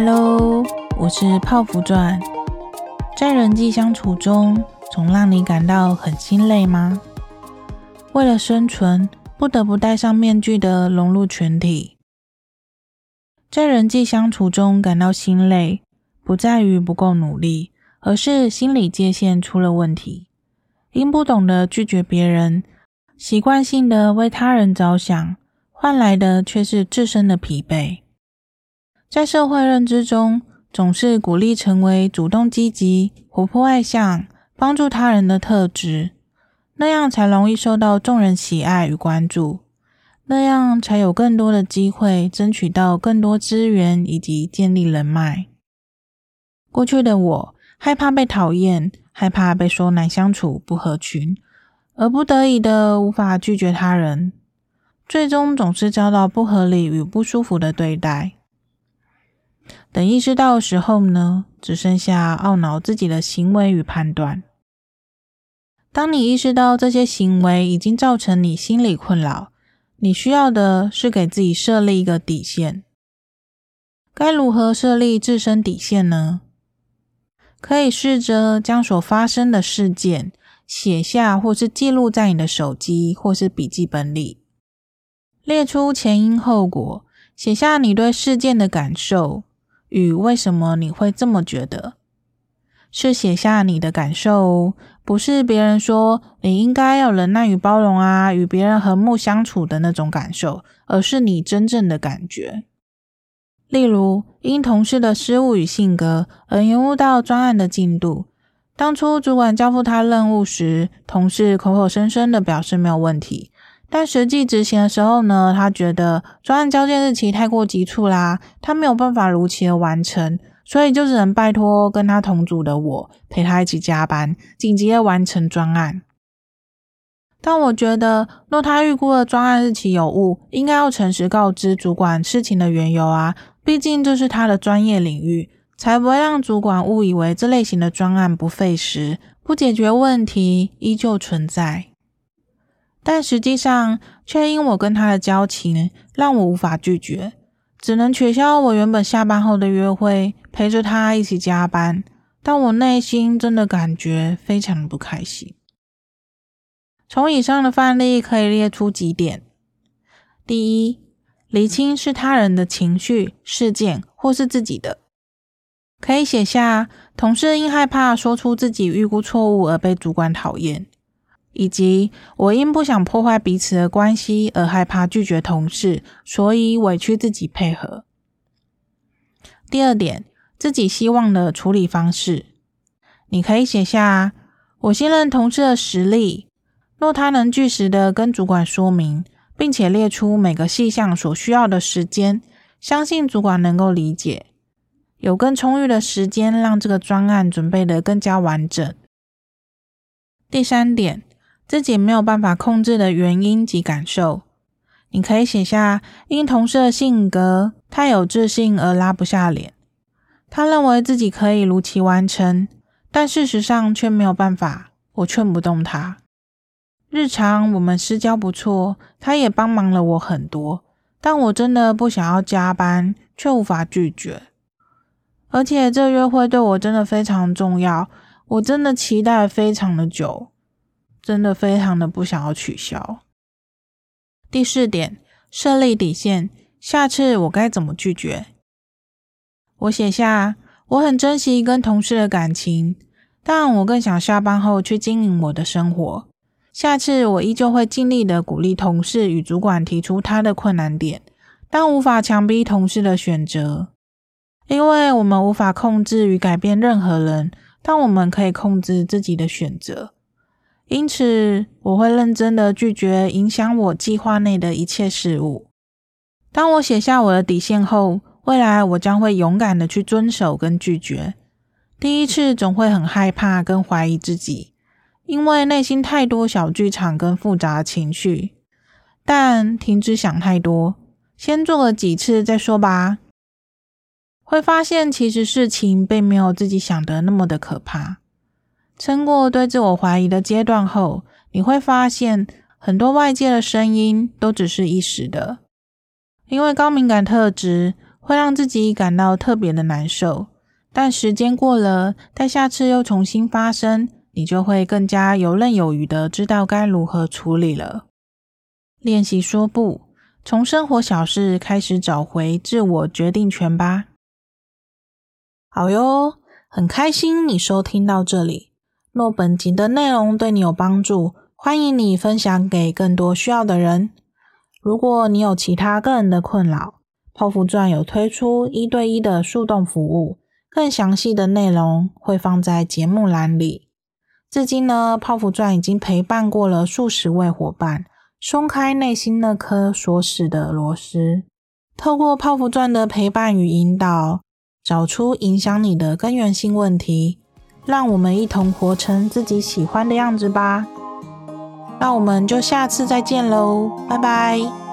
Hello，我是泡芙鑽。在人際相處中，總讓你感到很心累嗎？為了生存，不得不戴上面具的融入群體，在人際相處中感到心累，不在於不夠努力，而是心理界限出了問題。因不懂得拒絕別人，習慣性的為他人着想，換來的卻是自身的疲憊。在社會認知中，總是鼓勵成為主動、積極、活潑、外向、幫助他人的特質，那樣才容易受到眾人喜愛與關注，那樣才有更多的機會爭取到更多資源以及建立人脈。過去的我害怕被討厭，害怕被說難相處、不合群，而不得已的無法拒絕他人，最終總是遭到不合理與不舒服的對待。等意識到的時候呢，只剩下懊惱自己的行為與判斷。當你意識到這些行為已經造成你心理困擾，你需要的是給自己設立一個底線。該如何設立自身底線呢？可以試着將所發生的事件寫下或是記錄在你的手機或是筆記本裡，列出前因後果，寫下你對事件的感受。與為什麼你會這麼覺得？是寫下你的感受哦，不是別人說你應該要忍耐與包容啊，與別人和睦相處的那種感受，而是你真正的感覺。例如，因同事的失誤與性格而延誤到專案的進度。當初主管交付他任務時，同事口口聲聲的表示沒有問題。但實際執行的時候呢，他覺得專案交件日期太過急促啦，他沒有辦法如期的完成，所以就只能拜托跟他同組的我陪他一起加班，緊急的完成專案。但我覺得，若他預估的專案日期有誤，應該要誠實告知主管事情的緣由啊，畢竟這是他的專業領域，才不會讓主管誤以為這類型的專案不費時，不解決問題依舊存在。但實際上，卻因我跟他的交情，讓我無法拒絕，只能取消我原本下班後的約會，陪着他一起加班。但我內心真的感覺非常不開心。從以上的範例，可以列出幾點：第一，釐清是他人的情緒、事件，或是自己的。可以寫下，同事因害怕說出自己預估錯誤而被主管討厭。以及我因不想破壞彼此的關係而害怕拒絕同事，所以委屈自己配合。第二點，自己希望的處理方式，你可以寫下：我信任同事的實力，若他能據實的跟主管說明，並且列出每個細項所需要的時間，相信主管能夠理解，有更充裕的時間讓這個專案準備得更加完整。第三點。自己沒有辦法控制的原因及感受，你可以寫下：因同事的性格太有自信而拉不下臉，他認為自己可以如期完成，但事實上卻沒有辦法。我勸不動他。日常我們私交不錯，他也幫忙了我很多，但我真的不想要加班，卻無法拒絕。而且這約會對我真的非常重要，我真的期待了非常的久。真的非常的不想要取消。第四點，設立底線，下次我該怎麼拒絕？我寫下，我很珍惜跟同事的感情，但我更想下班後去經營我的生活。下次我依舊會盡力的鼓勵同事與主管提出他的困難點，但無法強逼同事的選擇，因為我們無法控制與改變任何人，但我們可以控制自己的選擇。因此，我會認真的拒絕影響我計劃內的一切事物。當我寫下我的底線後，未來我將會勇敢的去遵守跟拒絕。第一次總會很害怕跟懷疑自己，因為內心太多小劇場跟複雜情緒。但停止想太多，先做了幾次再說吧。會發現其實事情並沒有自己想的那麼的可怕。撐過對自我懷疑的階段後，你會發現很多外界的聲音都只是一時的，因為高敏感特質會讓自己感到特別的難受。但時間過了，待下次又重新發生，你就會更加游刃有餘的知道該如何處理了。練習說不，從生活小事開始，找回自我決定權吧。好喲，很開心你收聽到這裡。若本集的內容對你有幫助，歡迎你分享給更多需要的人。如果你有其他個人的困擾，泡芙鑽有推出一對一的樹洞服務。更詳細的內容會放在節目欄裡。至今呢，泡芙鑽已經陪伴過了數十位夥伴，鬆開內心那顆鎖死的螺絲。透過泡芙鑽的陪伴與引導，找出影響你的根源性問題。讓我們一同活成自己喜歡的樣子吧。那我們就下次再見嘍，拜拜。